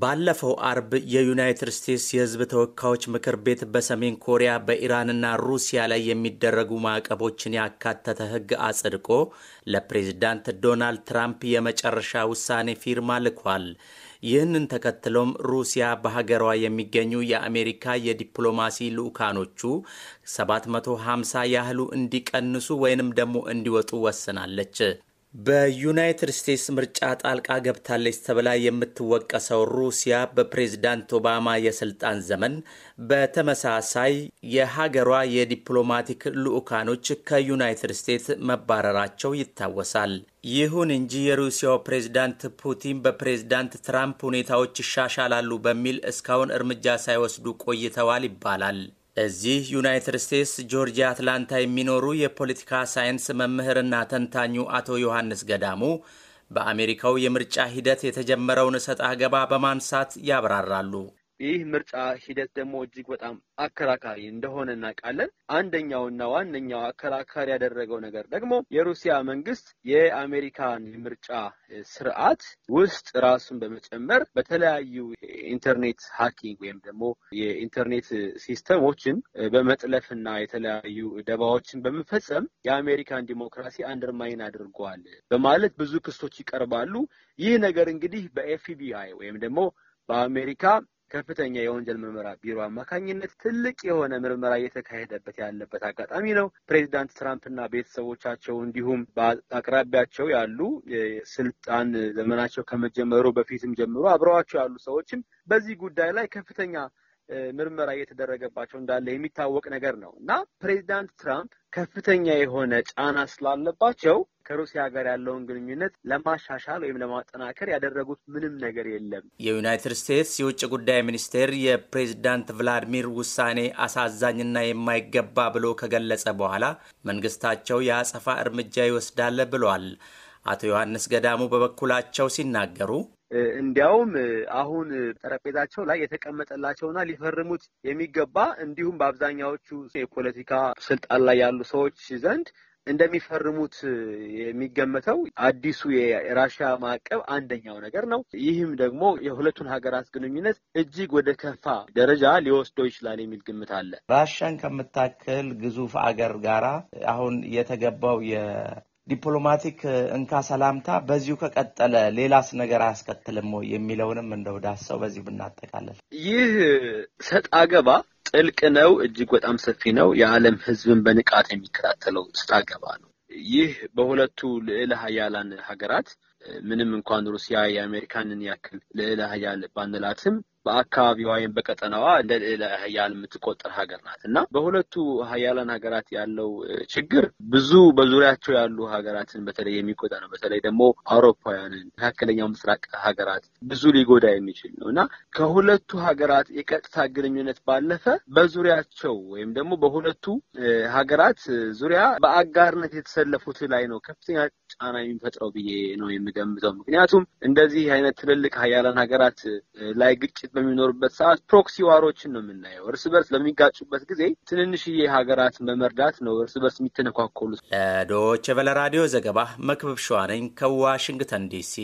ባለፈው አርብ የዩናይትድ ስቴትስ የሕዝብ ተወካዮች ምክር ቤት በሰሜን ኮሪያ በኢራንና ሩሲያ ላይ የሚደረጉ ማዕቀቦችን ያካተተ ሕግ አጽድቆ ለፕሬዝዳንት ዶናልድ ትራምፕ የመጨረሻ ውሳኔ ፊርማ ልኳል። ይህንን ተከትሎም ሩሲያ በሀገሯ የሚገኙ የአሜሪካ የዲፕሎማሲ ልዑካኖቹ 750 ያህሉ እንዲቀንሱ ወይንም ደግሞ እንዲወጡ ወስናለች። በዩናይትድ ስቴትስ ምርጫ ጣልቃ ገብታለች ተብላ የምትወቀሰው ሩሲያ በፕሬዝዳንት ኦባማ የስልጣን ዘመን በተመሳሳይ የሀገሯ የዲፕሎማቲክ ልዑካኖች ከዩናይትድ ስቴትስ መባረራቸው ይታወሳል። ይሁን እንጂ የሩሲያው ፕሬዝዳንት ፑቲን በፕሬዝዳንት ትራምፕ ሁኔታዎች ይሻሻላሉ በሚል እስካሁን እርምጃ ሳይወስዱ ቆይተዋል ይባላል። እዚህ ዩናይትድ ስቴትስ ጆርጂያ አትላንታ የሚኖሩ የፖለቲካ ሳይንስ መምህርና ተንታኙ አቶ ዮሐንስ ገዳሙ በአሜሪካው የምርጫ ሂደት የተጀመረውን እሰጥ አገባ በማንሳት ያብራራሉ። ይህ ምርጫ ሂደት ደግሞ እጅግ በጣም አከራካሪ እንደሆነ እናውቃለን። አንደኛውና ዋነኛው አከራካሪ ያደረገው ነገር ደግሞ የሩሲያ መንግስት የአሜሪካን የምርጫ ስርዓት ውስጥ ራሱን በመጨመር በተለያዩ ኢንተርኔት ሀኪንግ ወይም ደግሞ የኢንተርኔት ሲስተሞችን በመጥለፍና የተለያዩ ደባዎችን በመፈጸም የአሜሪካን ዲሞክራሲ አንደርማይን አድርጓል በማለት ብዙ ክሶች ይቀርባሉ። ይህ ነገር እንግዲህ በኤፍቢአይ ወይም ደግሞ በአሜሪካ ከፍተኛ የወንጀል ምርመራ ቢሮ አማካኝነት ትልቅ የሆነ ምርመራ እየተካሄደበት ያለበት አጋጣሚ ነው። ፕሬዚዳንት ትራምፕና ቤተሰቦቻቸው እንዲሁም በአቅራቢያቸው ያሉ የስልጣን ዘመናቸው ከመጀመሩ በፊትም ጀምሮ አብረዋቸው ያሉ ሰዎችም በዚህ ጉዳይ ላይ ከፍተኛ ምርመራ እየተደረገባቸው እንዳለ የሚታወቅ ነገር ነው እና ፕሬዚዳንት ትራምፕ ከፍተኛ የሆነ ጫና ስላለባቸው ከሩሲያ ጋር ያለውን ግንኙነት ለማሻሻል ወይም ለማጠናከር ያደረጉት ምንም ነገር የለም። የዩናይትድ ስቴትስ የውጭ ጉዳይ ሚኒስቴር የፕሬዝዳንት ቭላዲሚር ውሳኔ አሳዛኝና የማይገባ ብሎ ከገለጸ በኋላ መንግስታቸው የአጸፋ እርምጃ ይወስዳል ብሏል። አቶ ዮሐንስ ገዳሙ በበኩላቸው ሲናገሩ እንዲያውም አሁን ጠረጴዛቸው ላይ የተቀመጠላቸውና ሊፈርሙት የሚገባ እንዲሁም በአብዛኛዎቹ የፖለቲካ ስልጣን ላይ ያሉ ሰዎች ዘንድ እንደሚፈርሙት የሚገመተው አዲሱ የራሽያ ማዕቀብ አንደኛው ነገር ነው። ይህም ደግሞ የሁለቱን ሀገራት ግንኙነት እጅግ ወደ ከፋ ደረጃ ሊወስደው ይችላል የሚል ግምት አለ። ራሽያን ከምታክል ግዙፍ አገር ጋራ አሁን የተገባው ዲፕሎማቲክ እንካ ሰላምታ በዚሁ ከቀጠለ ሌላስ ነገር አያስከትልም ወይ የሚለውንም እንደው ዳሰው በዚህ ብናጠቃለል። ይህ ሰጥ አገባ ጥልቅ ነው፣ እጅግ በጣም ሰፊ ነው። የዓለም ሕዝብን በንቃት የሚከታተለው ሰጥ አገባ ነው። ይህ በሁለቱ ልዕለ ሀያላን ሀገራት ምንም እንኳን ሩሲያ የአሜሪካንን ያክል ልዕለ ሀያል ባንላትም በአካባቢዋ ወይም በቀጠናዋ እንደ ልዕለ ሀያል የምትቆጠር ሀገር ናት እና በሁለቱ ሀያላን ሀገራት ያለው ችግር ብዙ በዙሪያቸው ያሉ ሀገራትን በተለይ የሚጎዳ ነው። በተለይ ደግሞ አውሮፓውያንን፣ መካከለኛው ምስራቅ ሀገራት ብዙ ሊጎዳ የሚችል ነው እና ከሁለቱ ሀገራት የቀጥታ ግንኙነት ባለፈ በዙሪያቸው ወይም ደግሞ በሁለቱ ሀገራት ዙሪያ በአጋርነት የተሰለፉት ላይ ነው ከፍተኛ ጫና የሚፈጥረው ብዬ ነው የምገምተው። ምክንያቱም እንደዚህ አይነት ትልልቅ ሀያላን ሀገራት ላይ ግጭት በሚኖሩበት ሰዓት ፕሮክሲ ዋሮችን ነው የምናየው። እርስ በርስ በሚጋጩበት ጊዜ ትንንሽዬ ሀገራት በመርዳት ነው እርስ በርስ የሚተነኳኮሉት። ለዶይቼ ቬለ ራዲዮ ዘገባ መክብብ ሸዋነኝ ከዋሽንግተን ዲሲ